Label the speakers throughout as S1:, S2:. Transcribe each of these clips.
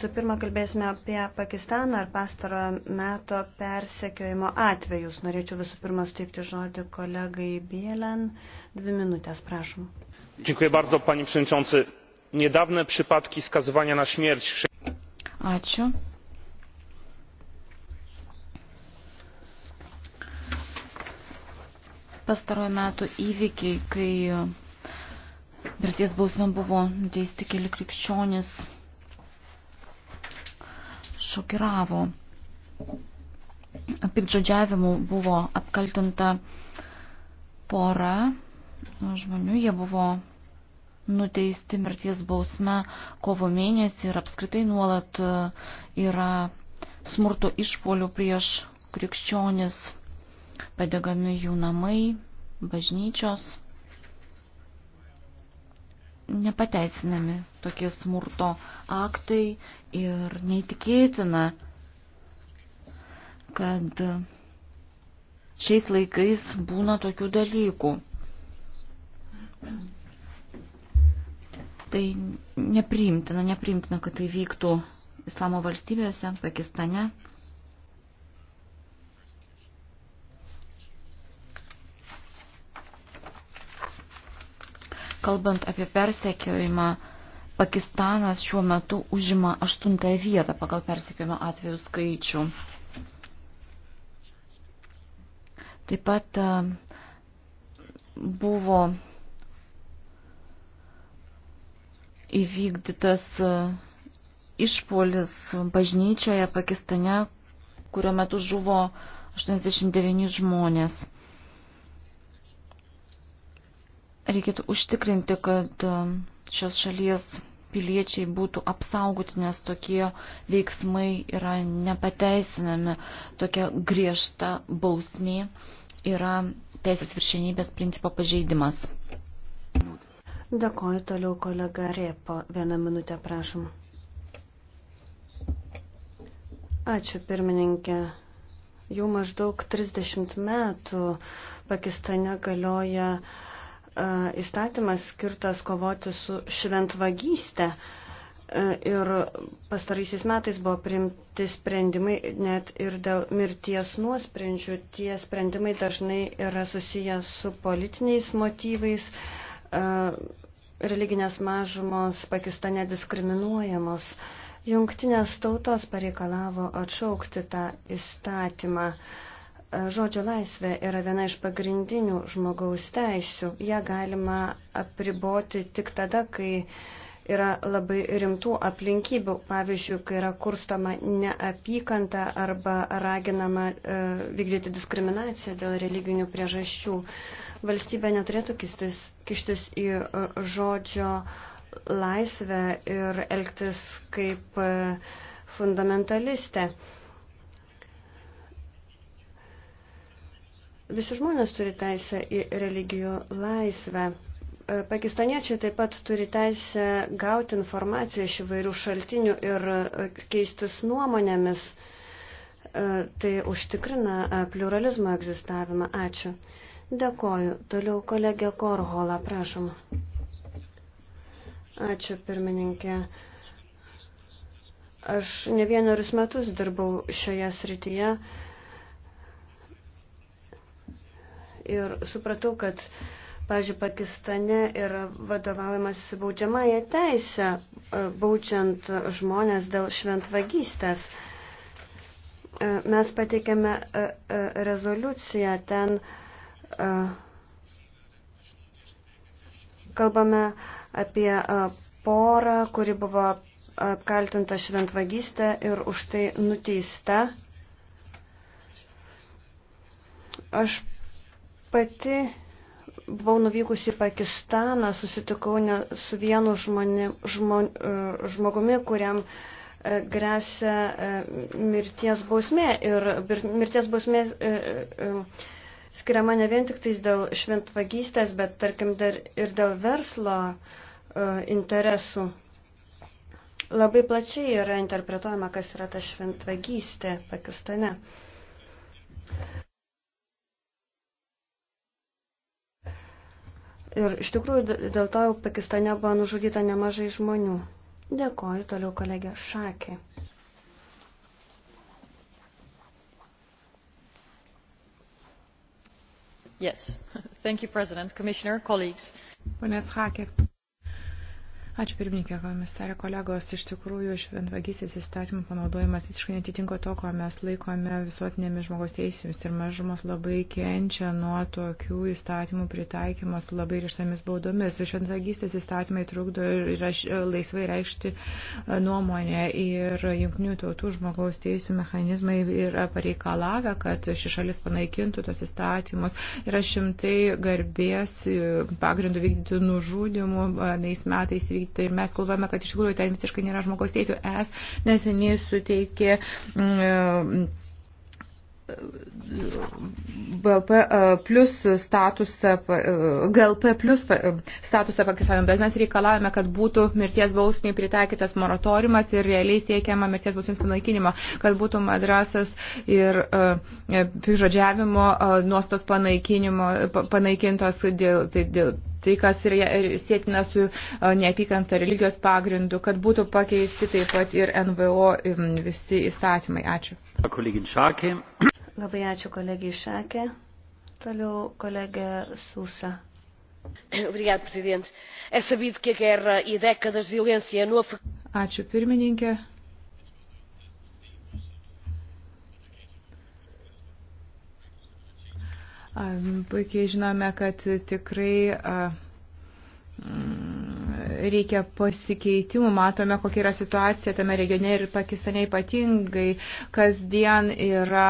S1: Visų pirma, kalbėsime apie Pakistaną ar pastarojo meto persekiojimo atvejus. Norėčiau visų pirma suteikti žodį kolegai Bielen. Dvi minutės, prašom. Dziękuję bardzo, panie przewodniczący. Niedawne przypadki skazywania na śmierć.
S2: Ačiū. Pastarojo metų įvykiai, kai mirties bausmė buvo nuteisti keli krikščionis šokiravo. Pikdžodžiavimu buvo apkaltinta pora žmonių, jie buvo nuteisti mirties bausme kovo mėnesį ir apskritai nuolat e, yra smurto išpolių prieš krikščionis, padegami jų namai, bažnyčios nepateisinami tokie smurto aktai ir neįtikėtina, kad šiais laikais būna tokių dalykų. Tai nepriimtina, nepriimtina, kad tai vyktų islamo valstybėse, Pakistane, Kalbant apie persekiojimą, Pakistanas šiuo metu užima aštuntąją vietą pagal persekiojimo atvejų skaičių. Taip pat e, buvo įvykdytas e, išpolis bažnyčioje Pakistane, kurio metu žuvo 89 žmonės. reikėtų užtikrinti, kad um, šios šalies piliečiai būtų apsaugoti, nes tokie veiksmai yra nepateisinami. Tokia griežta bausmė yra teisės viršenybės principo pažeidimas.
S1: Dėkoju toliau kolega Rėpo. Vieną minutę prašom. Ačiū pirmininkė. Jau maždaug 30 metų Pakistane galioja uh, E, įstatymas skirtas kovoti su šventvagyste. Ir pastaraisiais metais buvo primti sprendimai net ir dėl mirties nuosprendžių. Tie sprendimai dažnai yra susiję su politiniais motyvais. E, religinės mažumos Pakistane diskriminuojamos. Jungtinės tautos pareikalavo atšaukti tą įstatymą. Uh, Žodžio laisvė yra viena iš pagrindinių žmogaus teisių. Ja galima apriboti tik tada, kai yra labai rimtų aplinkybių, pavyzdžiui, kai yra kurstoma neapykanta arba raginama e, vykdyti diskriminaciją dėl religinių priežasčių. Valstybė neturėtų kištis, kištis į e, žodžio laisvę ir elgtis kaip e, fundamentalistė. E, Visi žmonės turi teisę į religijų laisvę. E, pakistaniečiai taip pat turi teisę gauti informaciją iš įvairių šaltinių ir e, keistis nuomonėmis. E, tai užtikrina pluralizmo egzistavimą. Ačiū. Dėkoju. Toliau kolegė Korhola, prašom. Ačiū, pirmininkė. Aš ne vienerius metus dirbau šioje srityje. ir supratau, kad, pažiūrėjau, Pakistane yra vadovaujamas baudžiamąją teisę, e, baudžiant žmonės dėl šventvagystės. E, mes pateikėme e, rezoliuciją ten kalbame apie porą, kuri buvo apkaltinta šventvagystė ir už tai nuteista. Aš Pati buvau nuvykusi į Pakistaną, susitikau ne su vienu žmonė, žmon, e, žmogumi, kuriam e, grėsia e, mirties bausmė. Ir mirties bausmė skiriama ne vien tik tais dėl šventvagystės, bet tarkim dar ir dėl verslo interesų. Labai plačiai yra interpretuojama, kas yra ta šventvagystė Pakistane. Ir iš tikrųjų dėl to jau Pakistane buvo nužudyta nemažai žmonių. Dėkoju toliau kolegė Šakė. Yes. Thank you, President, Commissioner, colleagues. Ponas
S3: Hakė. Ačiū pirmininkė, komisarė kolegos. Iš tikrųjų, šventvagysės įstatymų panaudojimas visiškai netitinko to, ko mes laikome visuotinėmis žmogaus teisėmis. Ir mažumos labai kenčia nuo tokių įstatymų pritaikymo su labai rištomis baudomis. Šventvagysės įstatymai trukdo raš, laisvai reikšti e, nuomonę. Ir jungtinių tautų žmogaus teisų mechanizmai yra pareikalavę, kad ši šalis panaikintų tos įstatymus. Yra šimtai garbės e, pagrindų vykdyti nužudimų. E, Nais metais vykdyti padaryti. Ir mes kalbame, kad iš tikrųjų ten visiškai nėra žmogaus teisų. Es neseniai suteikė. Mm, BLP e, plus statusą, e, GLP plus e, statusą Pakistanui, bet mes reikalavome, kad būtų mirties bausmiai pritaikytas moratoriumas ir realiai siekiama mirties bausmės panaikinimo, kad būtų madrasas ir pižodžiavimo nuostos panaikinimo, panaikintos dėl, tai dėl tai, kas ir e, sėtina su e, neapykanta religijos pagrindu, kad būtų pakeisti taip pat ir NVO visi įstatymai. Ačiū.
S1: Labai ačiū kolegijai Šakė. Toliau kolegė Susa. Obrigado, Presidente. É sabido que a guerra e décadas de violência no
S3: Ačiū, pirmininkė. Puikiai žinome, kad tikrai mm, reikia pasikeitimų. Matome, kokia yra situacija tame regione ir Pakistane ypatingai. Kasdien yra.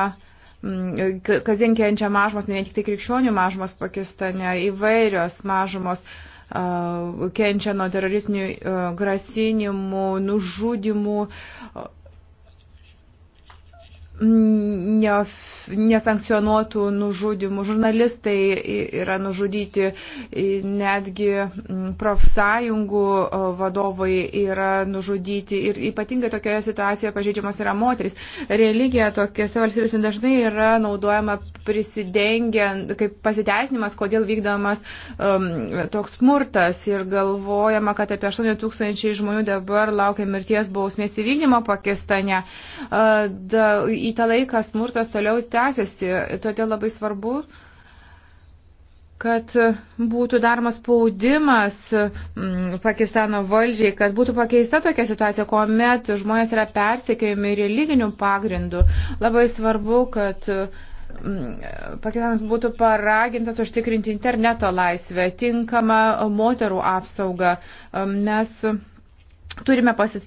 S3: Mm, kasdien kenčia mažumas, ne vien tik tai krikščionių mažumas Pakistane, įvairios mažumos kenčia nuo teroristinių grasinimų, nužudimų, neof nesankcionuotų nužudimų. Žurnalistai yra nužudyti, netgi profsąjungų vadovai yra nužudyti ir ypatingai tokioje situacijoje pažeidžiamas yra moteris. Religija tokiuose valstybėse dažnai yra naudojama prisidengiant, kaip pasiteisinimas, kodėl vykdomas um, toks smurtas ir galvojama, kad apie 8 tūkstančiai žmonių dabar laukia mirties bausmės įvykdymo Pakistane. Uh, da, į tą laiką smurtas toliau te tęsiasi. Todėl labai svarbu, kad būtų daromas spaudimas mm, Pakistano valdžiai, kad būtų pakeista tokia situacija, kuomet žmonės yra persekiojami religinių pagrindų. Labai svarbu, kad mm, Pakistanas būtų paragintas užtikrinti interneto laisvę, tinkamą moterų apsaugą. Mm, mes turime pasis,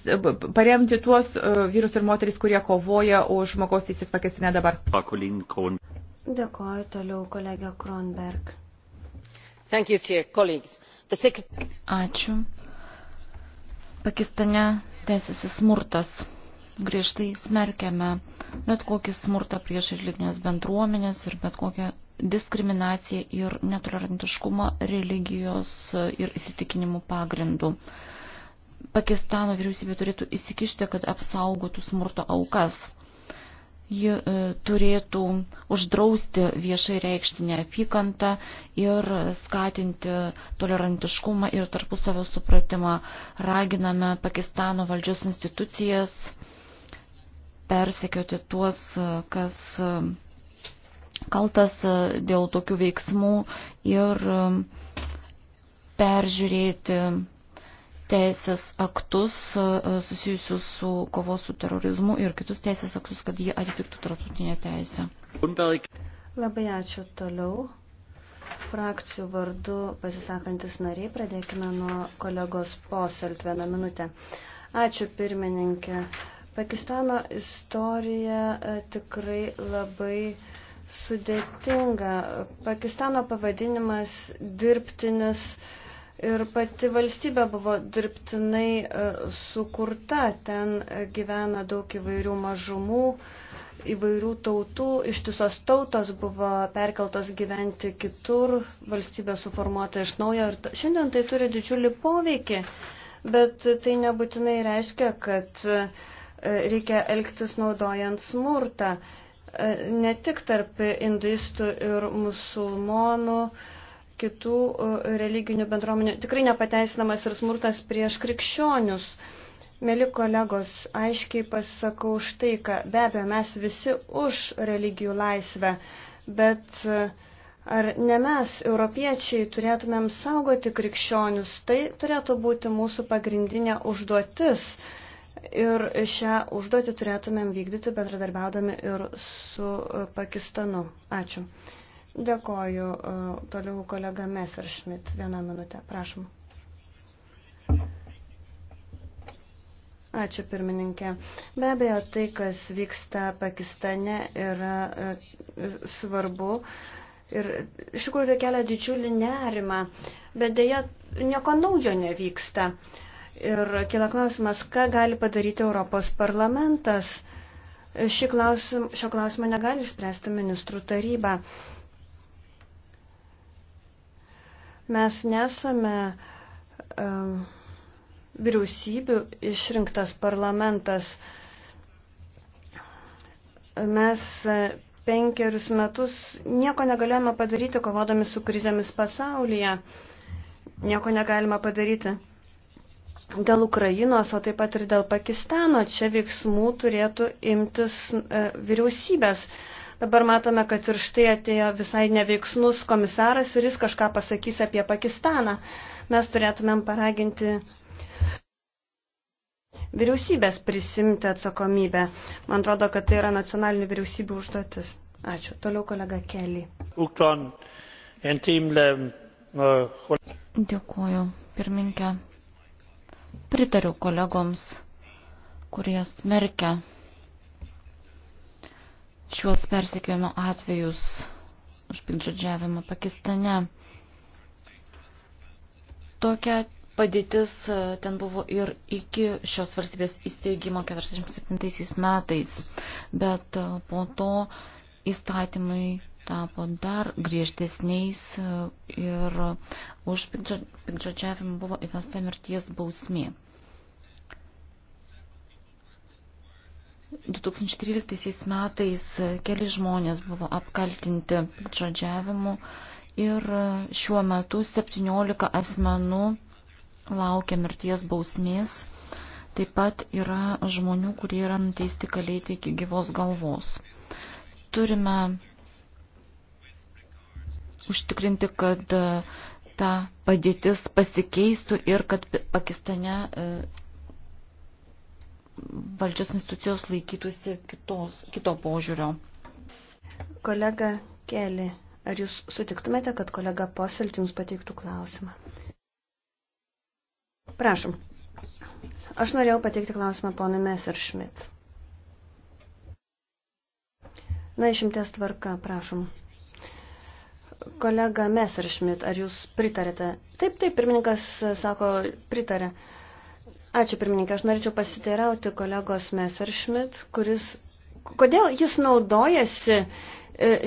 S3: paremti tuos e, vyrus ir moteris, kurie kovoja už žmogaus teisės pakestinę dabar.
S1: Dėkoju toliau kolegė Kronberg. Thank you, dear colleagues. The second...
S2: Ačiū. Pakistane tęsiasi smurtas. Griežtai smerkiame bet kokį smurtą prieš religinės bendruomenės ir bet kokią diskriminaciją ir netolerantiškumą religijos ir įsitikinimų pagrindų. Uh, Pakistano vyriausybė turėtų įsikišti, kad apsaugotų smurto aukas. Ji e, turėtų uždrausti viešai reikšti neapykantą ir skatinti tolerantiškumą ir tarpusavio supratimą. Raginame Pakistano valdžios institucijas persekioti tuos, e, kas e, kaltas e, dėl tokių veiksmų ir peržiūrėti teisės aktus e, susijusius su kovos su terorizmu ir kitus teisės aktus, kad jie atitiktų tarptautinę teisę.
S1: Labai ačiū toliau. Frakcijų vardu pasisakantis nariai, pradėkime nuo kolegos poselt vieną minutę. Ačiū pirmininkė. Pakistano istorija e, tikrai labai sudėtinga. Pakistano pavadinimas dirbtinis uh, Ir pati valstybė buvo dirbtinai e, sukurta, ten e, gyvena daug įvairių mažumų, įvairių tautų, ištisos tautos buvo perkeltos gyventi kitur, valstybė suformuota iš naujo ir šiandien tai turi didžiulį poveikį, bet tai nebūtinai reiškia, kad e, reikia elgtis naudojant smurtą, ne tik tarp induistų ir musulmonų kitų e, religinių bendruomenių. Tikrai nepateisinamas ir smurtas prieš krikščionius. Mėly kolegos, aiškiai pasakau štai, kad be abejo mes visi už religijų laisvę, bet e, ar ne mes, europiečiai, turėtumėm saugoti krikščionius, tai turėtų būti mūsų pagrindinė užduotis. Ir šią užduotį turėtumėm vykdyti bendradarbiaudami ir su e, Pakistanu. Ačiū. Dėkoju. E, toliau kolega Messerschmidt. Vieną minutę. Prašom. Ačiū pirmininkė. Be abejo, tai, kas vyksta Pakistane, yra e, svarbu. Ir iš tikrųjų tai kelia didžiulį nerimą, bet dėja nieko naujo nevyksta. Ir kila klausimas, ką gali padaryti Europos parlamentas. Šį klausim, šio klausimo negali išspręsti ministrų taryba. Mes nesame um, vyriausybių išrinktas parlamentas. Mes e, penkerius metus nieko negalėjome padaryti, kovodami su krizėmis pasaulyje. Nieko negalima padaryti dėl Ukrainos, o taip pat ir dėl Pakistano. Čia veiksmų turėtų imtis e, vyriausybės. Dabar matome, kad ir štai atėjo visai neveiksnus komisaras ir jis kažką pasakys apie Pakistaną. Mes turėtumėm paraginti vyriausybės prisimti atsakomybę. Man atrodo, kad tai yra nacionalinių vyriausybių užduotis. Ačiū. Toliau kolega Kelly. Uh, Dėkuoju,
S2: pirminkė. Pritariu kolegoms, kurie smerkia šiuos persekiojimo atvejus už pinkžodžiavimą Pakistane. Tokia padėtis e, ten buvo ir iki šios valstybės įsteigimo 47 metais, bet e, po to įstatymai tapo dar griežtesniais e, ir už piktžodžiavimą buvo įvesta mirties bausmė. 2013 metais keli žmonės buvo apkaltinti žodžiavimu ir šiuo metu 17 asmenų laukia mirties bausmės. Taip pat yra žmonių, kurie yra nuteisti kalėti iki gyvos galvos. Turime užtikrinti, kad e, ta padėtis pasikeistų ir kad Pakistane e, valdžios institucijos laikytųsi kitos, kito požiūrio.
S1: Kolega Keli, ar jūs sutiktumėte, kad kolega Poselt jums pateiktų klausimą? Prašom. Aš norėjau pateikti klausimą ponui Messerschmidt. Na, išimties tvarka, prašom. Kolega Messerschmidt, ar jūs pritarėte? Taip, taip, pirmininkas sako, pritarė. Uh, Ačiū pirmininkė, aš norėčiau pasiteirauti kolegos Messerschmidt, kuris, kodėl jis naudojasi e,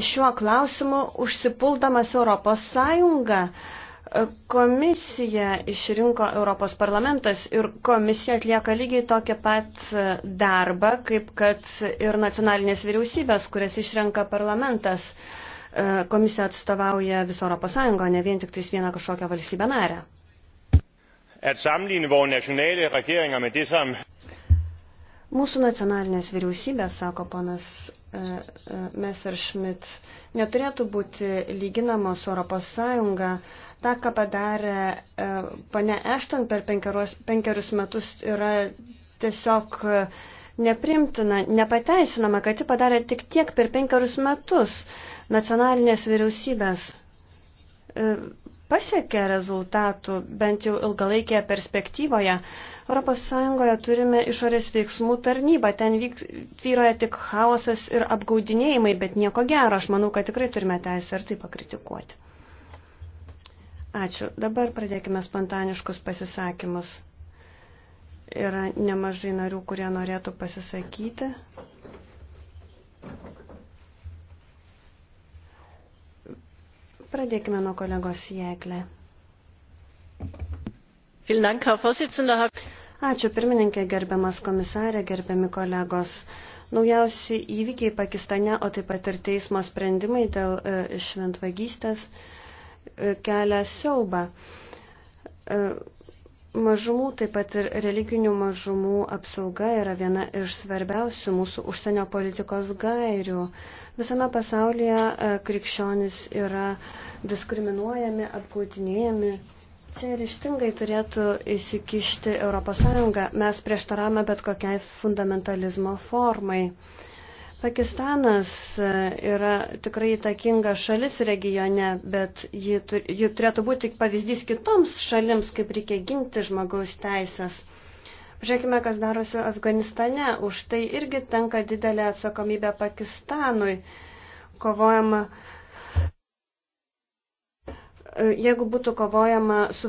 S1: šiuo klausimu užsipuldamas Europos Sąjungą. E, komisija išrinko Europos parlamentas ir komisija atlieka lygiai tokį pat e, darbą, kaip kad ir nacionalinės vyriausybės, kurias išrenka parlamentas. Komisija atstovauja visą Europos Sąjungą, ne vien tik tais vieną kažkokią valstybę narę
S3: at sammenligne vores nationale regeringer med det, som
S1: Mūsų nacionalinės vyriausybės, sako panas e, e, Messerschmidt, neturėtų būti lyginamos Europos Sąjunga. Ta, ką padarė e, pane Ešton per penkeros, penkerius metus, yra tiesiog neprimtina, nepateisinama, kad ji padarė tik tiek per penkerius metus nacionalinės vyriausybės pasiekė rezultatų, bent jau ilgalaikėje perspektyvoje. ES turime išorės veiksmų tarnybą, ten vyroja tik chaosas ir apgaudinėjimai, bet nieko gero, aš manau, kad tikrai turime teisę ir tai pakritikuoti. Ačiū. Dabar pradėkime spontaniškus pasisakymus. Yra nemažai narių, kurie norėtų pasisakyti. Pradėkime nuo kolegos Jeklė. Ačiū pirmininkė, gerbiamas komisarė, gerbiami kolegos. Naujausi įvykiai Pakistane, o taip pat ir teismo sprendimai dėl e, šventvagystės e, kelia siaubą. E, Mažumų, taip pat ir religinių mažumų apsauga yra viena iš svarbiausių mūsų užsienio politikos gairių. Visame pasaulyje e, krikščionis yra diskriminuojami, apkautinėjami. Čia ryštingai turėtų įsikišti ES. Mes prieštarame bet kokiai fundamentalizmo formai. Pakistanas e, yra tikrai įtakinga šalis regione, bet ji, ji turėtų būti pavyzdys kitoms šalims, kaip reikia ginti žmogaus teisės. Žiūrėkime, kas darosi Afganistane. Už tai irgi tenka didelė atsakomybė Pakistanui. Kovojama uh, jeigu būtų kovojama su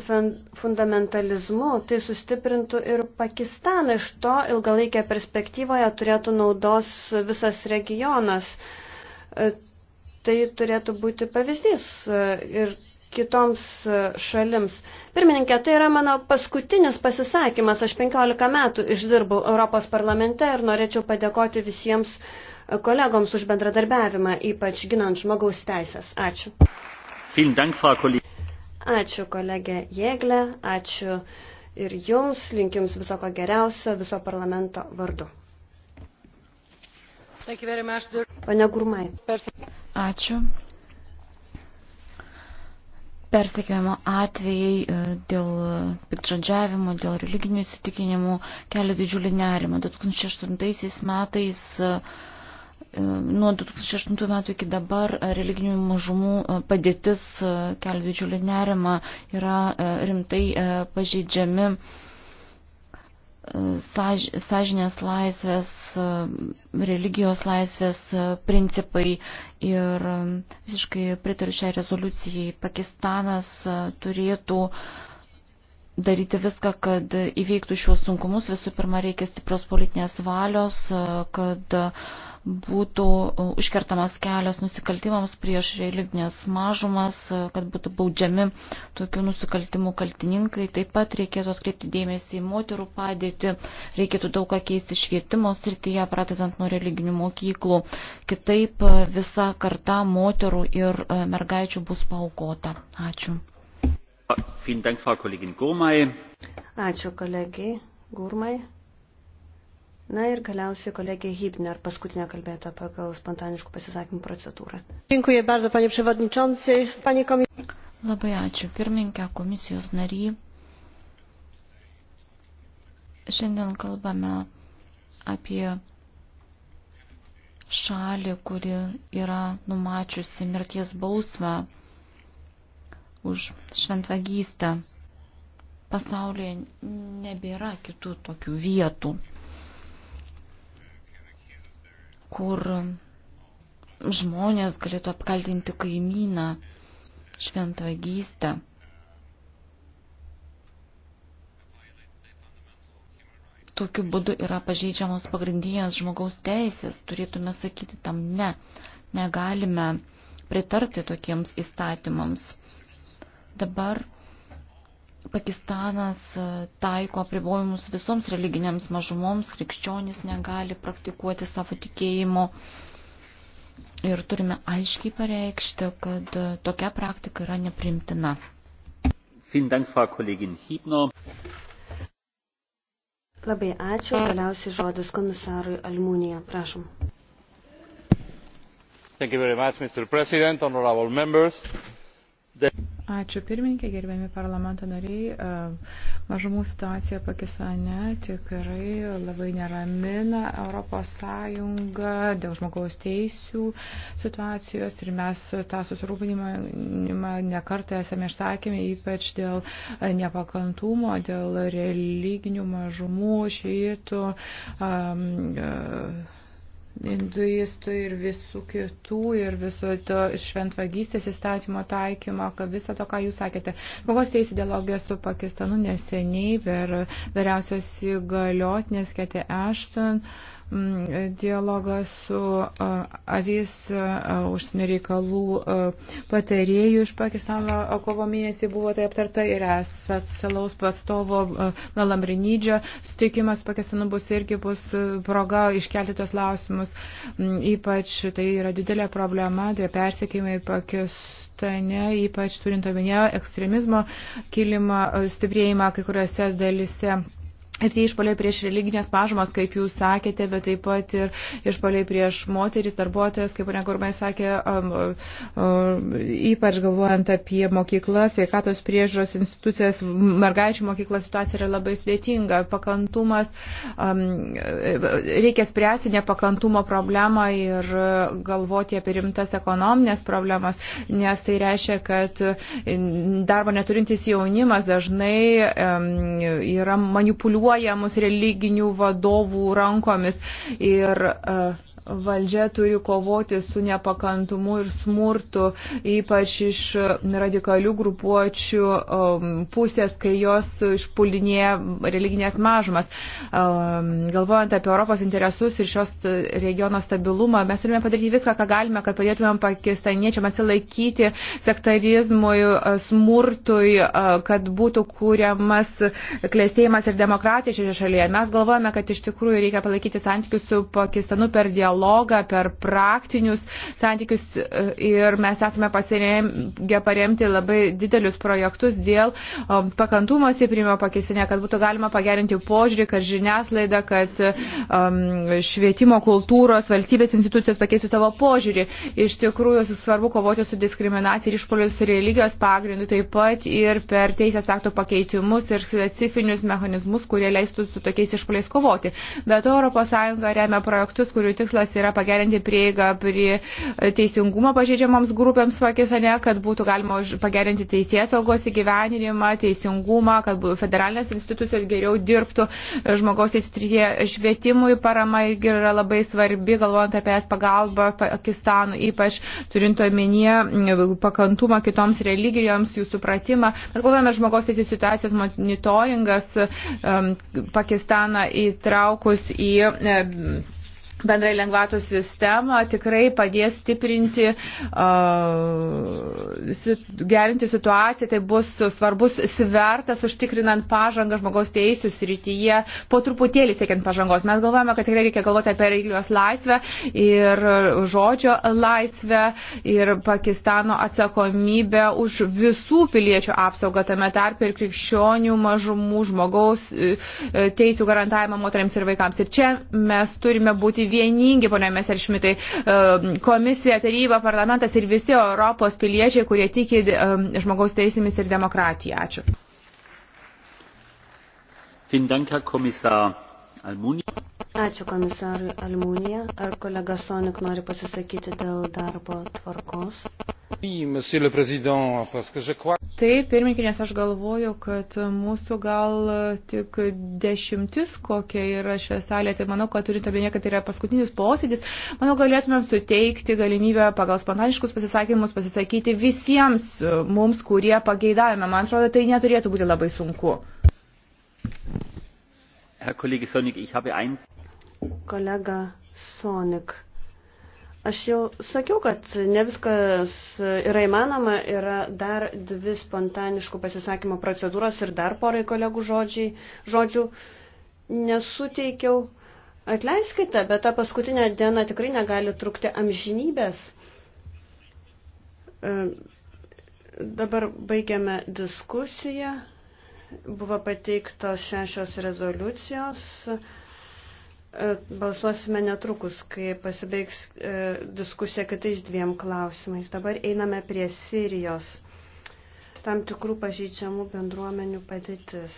S1: fundamentalizmu, tai sustiprintų ir Pakistaną. Iš to ilgalaikė perspektyvoje turėtų naudos visas regionas. E, tai turėtų būti pavyzdys e, ir kitoms e, šalims. Pirmininkė, tai yra mano paskutinis pasisakymas. Aš 15 metų išdirbau Europos parlamente ir norėčiau padėkoti visiems kolegoms už bendradarbiavimą, ypač ginant žmogaus teisės. Ačiū. Ačiū kolegė Jėglė, ačiū ir jums, linkim jums viso ko geriausio, viso parlamento vardu. Pane
S2: Gurmai. Ačiū. Persekiojimo atvejai e, dėl pikčadžiavimo, dėl religinių įsitikinimų kelia didžiulį nerimą. 2008 metais e, Nuo 2008 metų iki dabar religinių mažumų e, padėtis e, kelia didžiulį nerimą, yra e, rimtai pažeidžiami sąž, sąžinės laisvės, religijos laisvės principai ir visiškai pritariu šiai rezoliucijai. Pakistanas turėtų uh, daryti viską, kad įveiktų šiuos sunkumus. Visų pirma, reikia stiprios politinės valios, kad būtų užkertamas kelias nusikaltimams prieš religinės mažumas, kad būtų baudžiami tokių nusikaltimų kaltininkai. Taip pat reikėtų atkreipti dėmesį į moterų padėtį, reikėtų daug ką keisti švietimo srityje, pradedant nuo religinių mokyklų. Kitaip visa karta moterų ir
S1: e, mergaičių bus paukota. Ačiū. Ačiū kolegijai Gurmai. Na ir galiausiai kolegija Hibner, paskutinė kalbėta pagal spontaniškų pasisakymų procedūrą. Dziękuję bardzo, panie
S2: przewodniczący, panie komisijos. Labai ačiū, pirmininkė, komisijos nary. Šiandien kalbame apie šalį, kuri yra numačiusi mirties bausmę už šventvagystę. Pasaulyje nebėra kitų tokių vietų, kur žmonės galėtų apkaltinti kaimyną šventvagystę. Tokiu būdu yra pažeidžiamos pagrindinės žmogaus teisės, turėtume sakyti tam ne, negalime pritarti tokiems įstatymams. Dabar Pakistanas e, taiko apribojimus visoms religinėms mažumoms, krikščionys negali praktikuoti savo tikėjimo. Ir turime aiškiai pareikšti,
S1: kad e, tokia praktika yra neprimtina. Labai ačiū. Galiausiai žodis komisarui Almūnija. Prašom.
S3: Thank you very much, Mr. President, honorable members. Ačiū pirmininkė, gerbiami parlamento nariai. E, mažumų situacija Pakistane tikrai labai neramina Europos Sąjunga dėl žmogaus teisių situacijos ir mes tą susirūpinimą nekartą esame išsakėme, ypač dėl nepakantumo, dėl religinių mažumų, šeitų. Um, uh, e, induistų ir visų kitų ir viso to šventvagystės įstatymo taikymo, kad viso to, ką jūs sakėte. Žmogaus teisų dialogija su Pakistanu neseniai per vyriausios įgaliotinės Ketė Ashton mm, dialogą su Azijos užsienio reikalų patarėjų iš Pakistano kovo mėnesį buvo tai aptarta ir specialaus atstovo Lamrinydžio sutikimas Pakistanu bus irgi bus proga iškelti tos lausimus klausimus. Mm, ypač tai yra didelė problema, tai persiekimai Pakistane, ypač turint omenyje ekstremizmo kilimą, stiprėjimą kai kuriuose dalise. Ir tie išpoliai prieš religinės mažumas, kaip jūs sakėte, bet taip pat ir išpoliai prieš moteris, darbuotojas, kaip ponia Gurmai sakė, um, um, ypač galvojant apie mokyklas, sveikatos priežos institucijas, mergaičių mokyklas situacija yra labai sudėtinga. Pakantumas, um, reikia spręsti nepakantumo problemą ir galvoti apie rimtas ekonominės problemas, nes tai reiškia, kad darbo neturintis jaunimas dažnai um, yra manipuliuojamas kontroliuojamus religinių vadovų rankomis. Ir, uh, valdžia turi kovoti su nepakantumu ir smurtu, ypač iš radikalių grupuočių um, pusės, kai jos išpuldinėja religinės mažumas. Um, galvojant apie Europos interesus ir šios regiono stabilumą, mes turime padaryti viską, ką galime, kad padėtumėm pakistaniečiam atsilaikyti sektarizmui, smurtui, uh, kad būtų kūriamas klėstėjimas ir demokratija šioje šalyje. Mes galvojame, kad iš tikrųjų reikia palaikyti santykius su Pakistanu per dialogą dialogą, per praktinius santykius e, ir mes esame pasirengę paremti labai didelius projektus dėl pakantumo stiprinimo pakistinė, kad būtų galima pagerinti požiūrį, kad žiniaslaida, kad um, švietimo kultūros valstybės institucijos pakeistų savo požiūrį. Iš tikrųjų, svarbu kovoti su diskriminacija ir išpolius religijos pagrindu, taip pat ir per teisės akto pakeitimus ir specifinius mechanizmus, kurie leistų su tokiais išpoliais kovoti. Bet to ES remia projektus, kurių tikslas tikslas yra pagerinti prieigą prie teisingumo pažeidžiamoms grupėms Pakistane, kad būtų galima pagerinti teisės saugos įgyveninimą, teisingumą, kad federalinės institucijos geriau dirbtų e, žmogaus teisų trityje. Švietimui parama irgi yra labai svarbi, galvojant apie es pagalbą Pakistanui, ypač turint omenyje pakantumą kitoms religijoms, jų supratimą. Mes galvojame žmogaus teisų situacijos monitoringas um, Pakistaną įtraukus į um, bendrai lengvatų sistemą tikrai padės stiprinti, uh, gerinti situaciją, tai bus svarbus svertas užtikrinant pažangą žmogaus teisų srityje, po truputėlį siekiant pažangos. Mes galvojame, kad tikrai reikia galvoti apie religijos laisvę ir žodžio laisvę ir Pakistano atsakomybę už visų piliečių apsaugą, tame tarp ir krikščionių mažumų, žmogaus e, e, teisų garantavimą moteriams ir vaikams. Ir čia mes turime būti būti vieningi, ponia Meseršmitai, ehm, komisija, taryba, parlamentas ir visi Europos piliečiai, kurie tiki ehm, žmogaus teisėmis ir demokratiją. Ačiū.
S1: Vielen Dank, Herr Kommissar Almunia. Ačiū komisarui Almūnija. Ar kolega Sonik nori pasisakyti dėl darbo tvarkos? Taip, pirminkinės, aš galvoju, kad mūsų
S3: gal tik dešimtis kokia yra šioje salėje, tai manau, kad turint omenyje, kad tai yra paskutinis posėdis, manau, galėtumėm suteikti galimybę pagal spontaniškus pasisakymus pasisakyti visiems mums, kurie pageidavime. Man atrodo, tai neturėtų būti labai sunku.
S1: Herr Kollege Sonik, ich habe ein kolega Sonik. Aš jau sakiau, kad ne viskas yra įmanoma, yra dar dvi spontaniškų pasisakymo procedūros ir dar porai kolegų žodžiai, žodžių nesuteikiau. Atleiskite, bet ta paskutinė diena tikrai negali trukti amžinybės. E, dabar baigiame diskusiją. Buvo pateiktos šešios rezoliucijos. E, balsuosime netrukus, kai pasibaigs e, diskusija kitais dviem klausimais. Dabar einame prie Sirijos tam tikrų pažeidžiamų bendruomenių padėtis.